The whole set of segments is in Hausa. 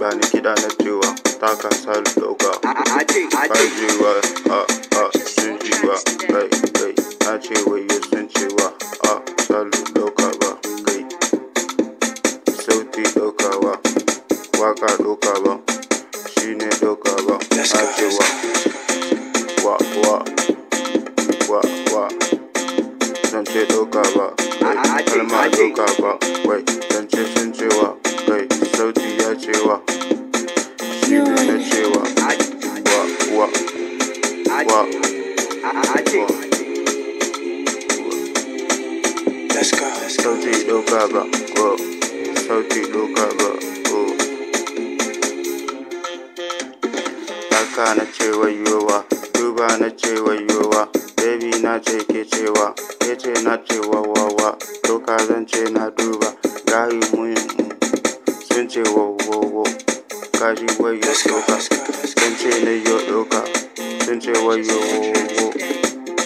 ba ni kiɗa na cewa ta kasa ɗauka ba jiwa a ah, a ah, sun jiwa kai kai na ce wayo sun cewa a ah, salu ɗauka ba kai sauti ɗauka ba waka ɗauka ba shine ɗauka ba na cewa wa wa wa wa zan ce ɗauka ba kalma ɗauka ba wai zan ce sun cewa doka ba ko sauti doka ba ko na cewa wayowa duba na cewa wayowa baby na ce ke cewa ke ce na cewa wawawa doka zan ce na duba gahi mun sun ce wawowo kaji wayo doka sun ce na yo doka sun ce wayo wowo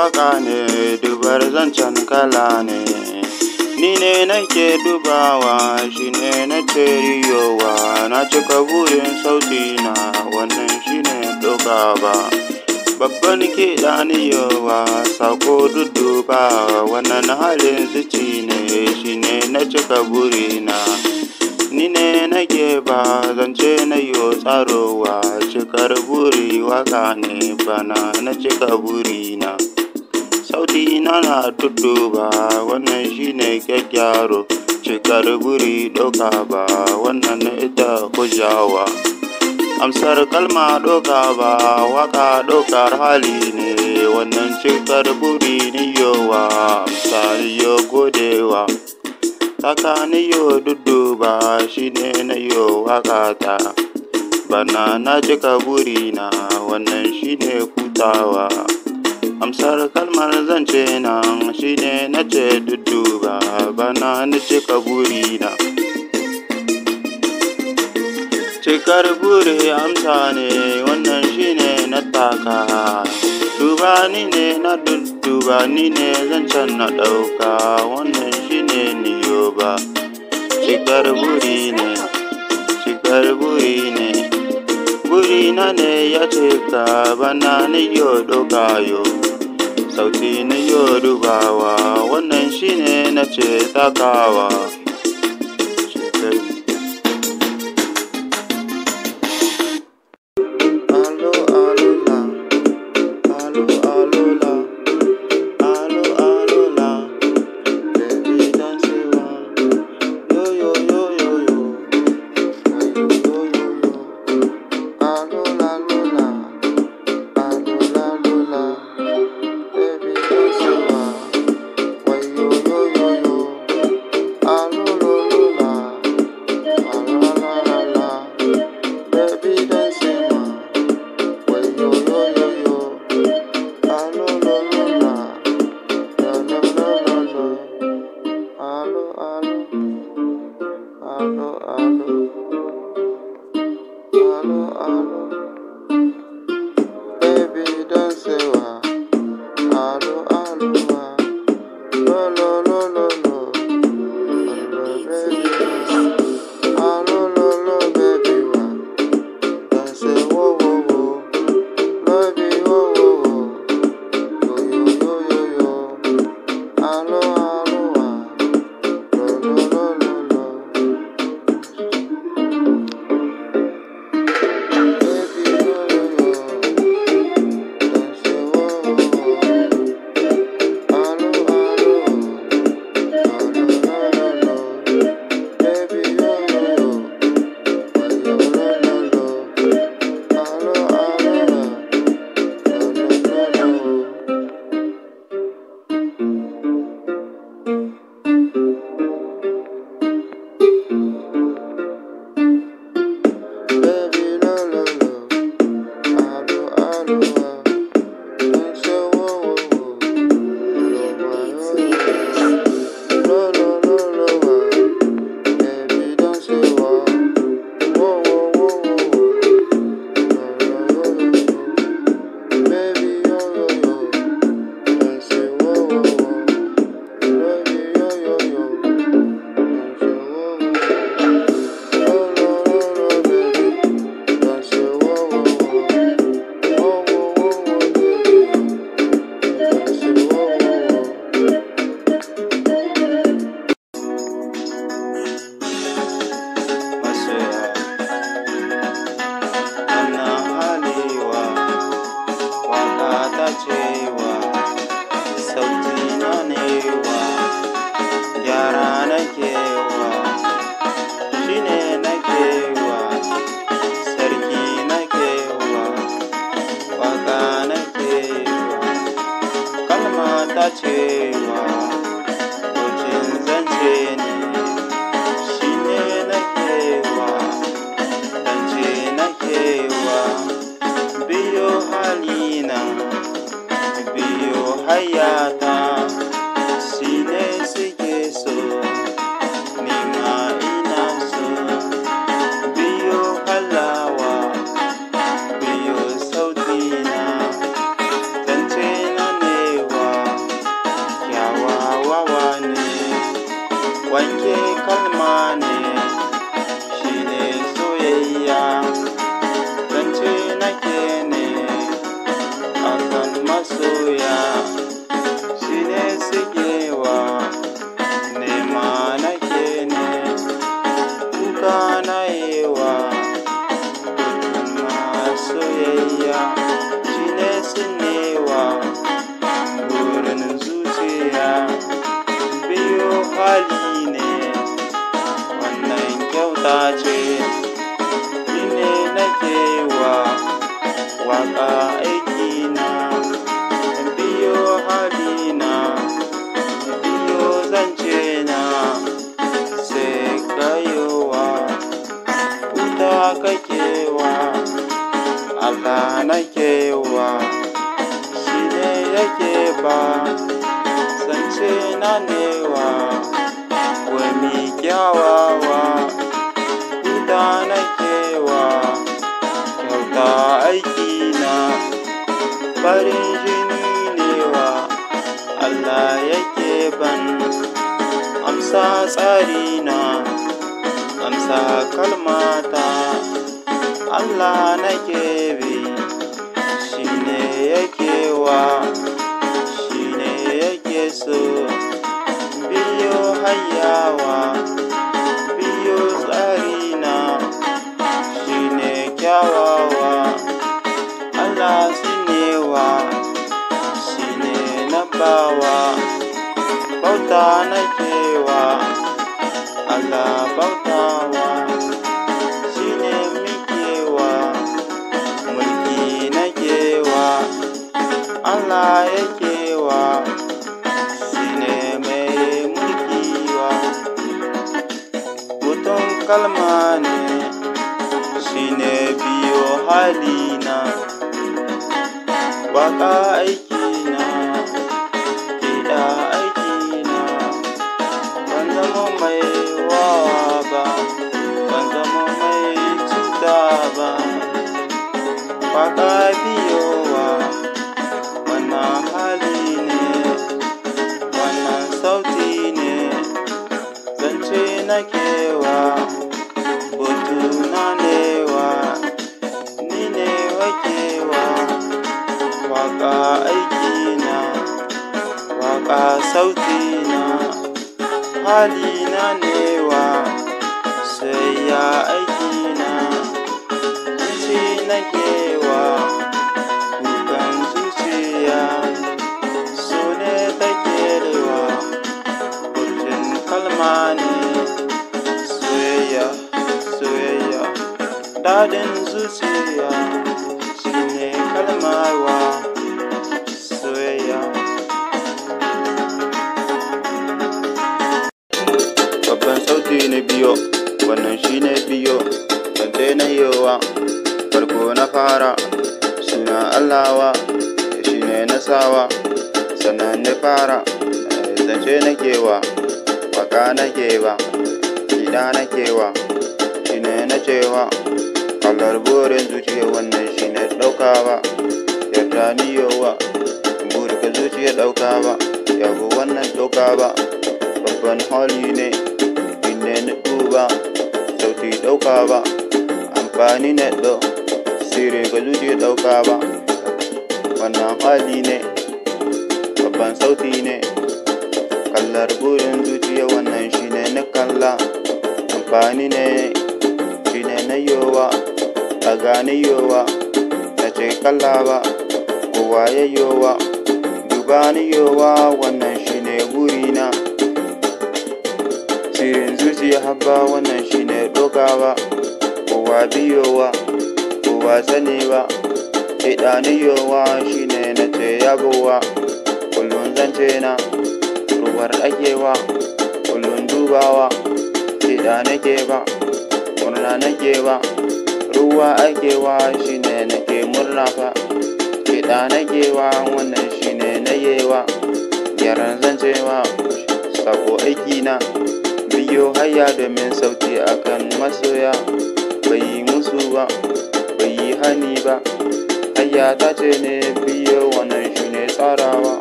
waka ne dubar zancen kala ne ni ne nake dubawa shi ne na ceriyowa na cika burin sauti na wannan shi ne ba babban kiɗa niyowa sako duduba wannan halin zuci ne shi ne na cika burina ni ne nake ba zance na yo tsarowa cikar buri waka ne bana na cika burina sauti nana na tuttuba wannan shine kyakkyaro cikar guri doka ba wannan ita kujawa amsar kalma doka ba waka dokar hali ne wannan cikar buri niyowa amsar yo godewa Haka niyo duduba shine na yo wakata bana na cika burina wannan shine kutawa amsar kalmar zance nan shine na ce dudduba bana na cika burina cikar buri amsa ne wannan shine na taka duba ne na ni ne zancen na wannan shine niyo ba cikar buri ne cikar buri ne buri na ne ya ta bana niyo ɗauka yo sauti na wa wannan shine na ce takawa I know, I know. dacewa dokin zance ne, shi biyo halina, biyo wanke kalma ne Tace ce, ne nake wa waƙa aikina. na, biyo halina, in biyo zancena, sai kayowa, wuta kake wa, Allah nake wa, shi ne yake ba, zance na newa wa, kyawa. la halina, baƙa aiki. waƙa aikina, waƙa sautina, halina sai ya aiki aikina, fushi nake wa dukan zuciya, so ne take rewa, furcin kalma ne, soyayya, soyayya, daɗin zuciya. ne kalmarwa. fara eh, zance na kewa, waka nake wa kiɗa nake wa shine na cewa kallar burin zuciya wannan shine ɗaukawa yarda niyowa burka zuciya ɗaukawa yabo wannan ba, babban holi ne inda na duba sauti ba, amfani na ɗau sirri ga zuciya ba, wannan hali ne Ban sauti ne kallar burin zuciya wannan shine na kalla amfani ne shine na yowa a gani yowa na ce kalla ba kowa ya yowa duba ni yowa wannan shine burina Shirin zuciya haba wannan shine dokawa kowa biyowa kowa sani ba kiɗaniyowa shine na ce yabowa na ruwar ɗagewa kullum dubawa kiɗa nake ba murna nake ba ruwa akewa shine nake murna fa kiɗa nakewa wannan shine nayewa gyaran zancewa sako na biyo haya domin sauti akan masoya bai yi musu ba bai yi hani ba haya ta ce ne biyo wannan shine tsarawa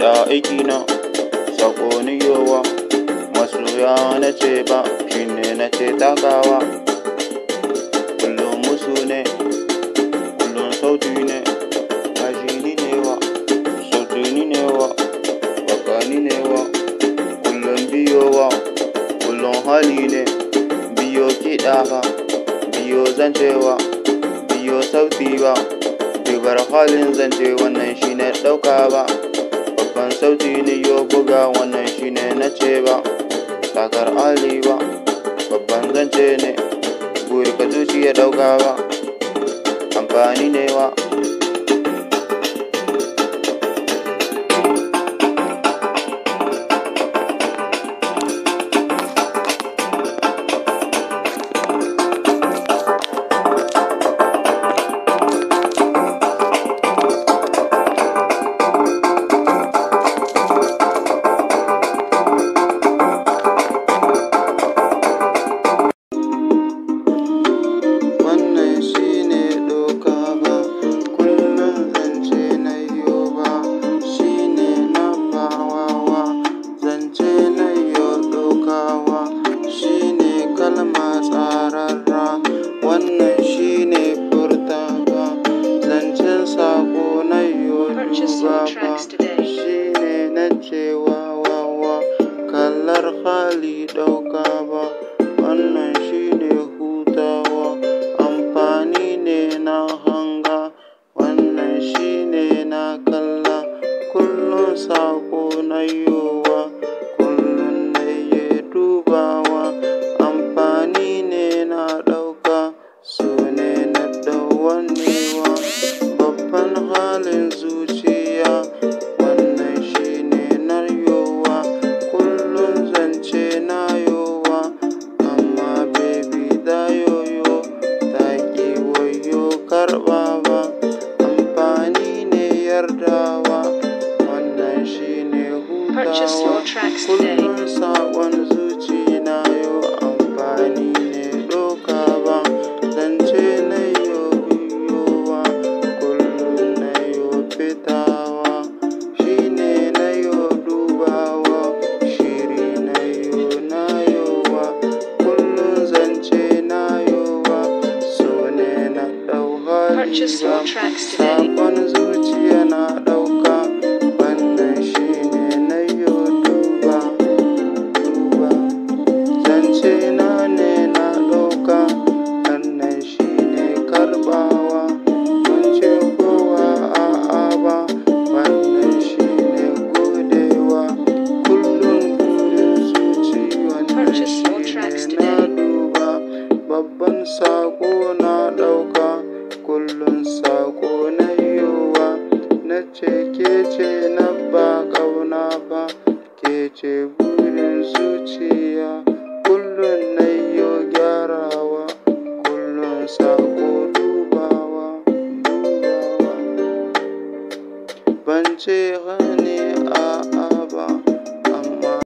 da aiki na? ni yowa masoya na ce ba shi ne na ce takawa kullum musu ne kullum sauti ne kashi ni ne wa sauti ni ne wa baka ni ne wa kullum biyo wa. kullum hali ne biyo kiɗa ba biyo zancewa biyo sauti ba dubar halin zance wannan shi na ɗauka ba babban sauti yo buga wannan shine na ce ba takar ali ba babban zance ne buri ka zuciya dauka ba amfani ne wa